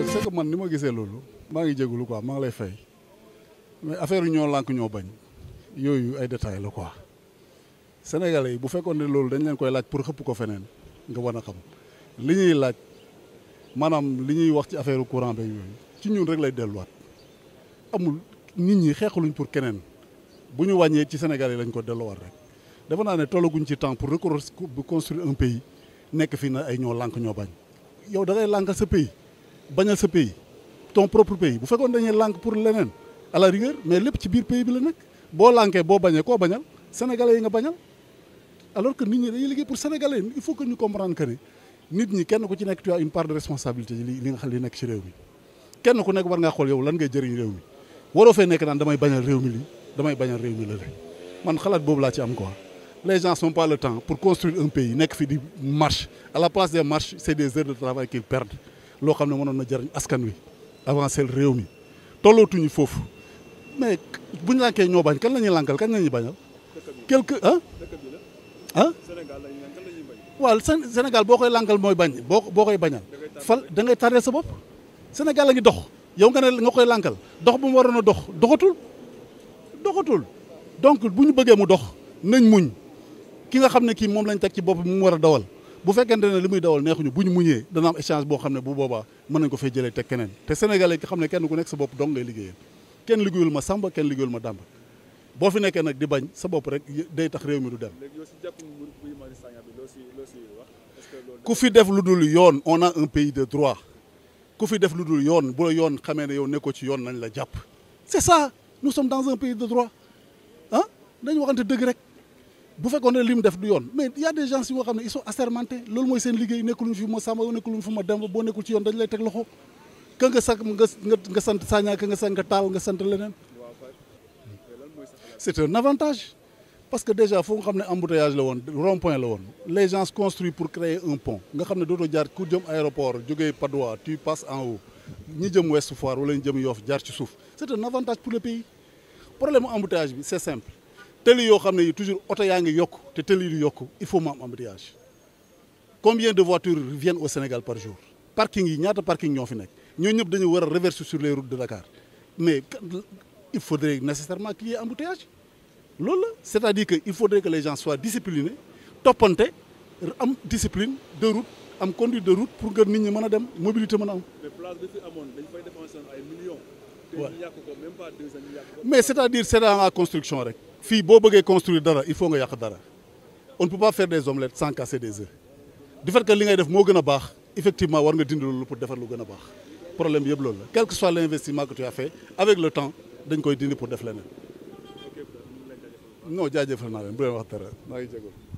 non c'est man ni ma gisee loolu maa ngi jégalu quoi maa ngi lay fay mais affaire yu ñoo lànk ñoo bañ yooyu ay détails la quoi sénégalais yi bu fekkoon ne loolu dañ leen koy laaj pour xëpp ko feneen nga wan a xam li ñuy laaj maanaam li ñuy wax ci affaire courant beeg yooyu ci ñun rek lay delluwaat amul nit ñi xeexaluñ pour keneen bu ñu wàññee ci sénégalais lañ ko delluwaat rek dafa naa ne tollaguñ ci temps pour reconstruire un pays nekk fii na ay ñoo lànk ñoo bañ yow da ngay sa pays. bañal sa pays ton propre pays bu fekkoon dañuy langue pour lenen à la rigueur mais lepp ci biir pays bi la nekk bo lànkee bo bañee ko bañal sénégalais yi nga bañal alors que nit ñi dañuy liggéey pour sénégalais il faut que ñu comprendre que nit ñi kenn ku ci nek tu as une part de responsabilité li li nga xam li nekk ci réew mi kenn ku nek war nga xol yow lan ngay jëriñ réew mi waro fe nek nan damay bañal réew mi li damay bañal réew mi la man xalat bobu la ci am quoi les gens n'ont pas le temps pour construire un pays nekk fi di à la place des marches c'est des heures de travail qu'ils perdent loo xam ne mënoon na jëriñ askan wi avancé réew mi tollootuñu foofu mais bu ñu lànkee ñoo bañ kan la ñuy lànkal kan la ñuy bañal. quelque ah. ah. waaw Sénégal boo koy lànkal mooy bañ boo boo koy bañal. fal dangay ngay tardé sa bopp. Sénégal la ngi dox yow nga ne nga koy lànkal dox bu mu waroon a dox doxatul doxatul donc bu ñu bëggee mu dox nañ muñ ki nga xam ne kii moom lañ teg ci bopp mu war a dawal. bu fekkente ne li muy dawal neexuñu buñ ñu muñee dana am échange boo xam ne bu boobaa mën nañ ko fay jëlee teg keneen te sénégalais yi xam ne kenn ku nekk sa bopp dong ngay liggéeyal kenn liggéeyul ma samba kenn liggéeyul ma dàmba boo fi nekkee nag di bañ sa bopp rek day tax réew mi du dem ku fi def lu dul yoon on a un pays de droit ku fi def lu dul yoon bu la yoon xamee ne yow nekkoo ci yoon nañ la jàpp c'est ça nous sommes dans un pays de droit ah hein? dañu waxante dëgg rek bu fekkoon ne li mu def du yoon mais y a des gens si yoo xam ils sont assermentés loolu mooy seen liggéey nekkuluñ fi ma sàmba nekkuluñ fi ma dem boo nekkul ci yoon dañ lay teg loxo ka nga sax nga nga sant Sagna ka nga sant nga taal nga sant leneen c'est un avantage parce que déjà foo nga xam ne embouteillage la woon rond-point la woon les gens construisent pour créer un pont nga xam ne dootoo jaar ku jëm aéroport jógee Padoa tu passes en haut Ni jëm Ouest Foire wala ñu jëm Yoff jaar ci suuf c'est un avantage pour le pays problème embouteillage bi c'est simple toujours il faut un embouteillage combien de voitures viennent au Sénégal par jour parking yi ñaata parking ñoo fi nekk ñoo ñëpp dañu reverser sur les routes de Dakar mais il faudrait nécessairement qu'il y ait embouteillage c'est-à-dire que il faudrait que les gens soient disciplinés topanté, am discipline de route am conduite de route pour que nit ñi mëna mobilité mëna mais place de fi dañ fay millions mais c'est-à-dire c'est dans la construction Si vous voulez construire dara il faut nga yak dara on ne peut pas faire des omelettes sans casser des œufs du fait que li que def sont est bien effectivement war nga faire loolu pour ce lu problème est quel que soit l'investissement que tu as fait avec le temps dañ koy faire pour def leneen non jaajëfal ne leen bu leen wax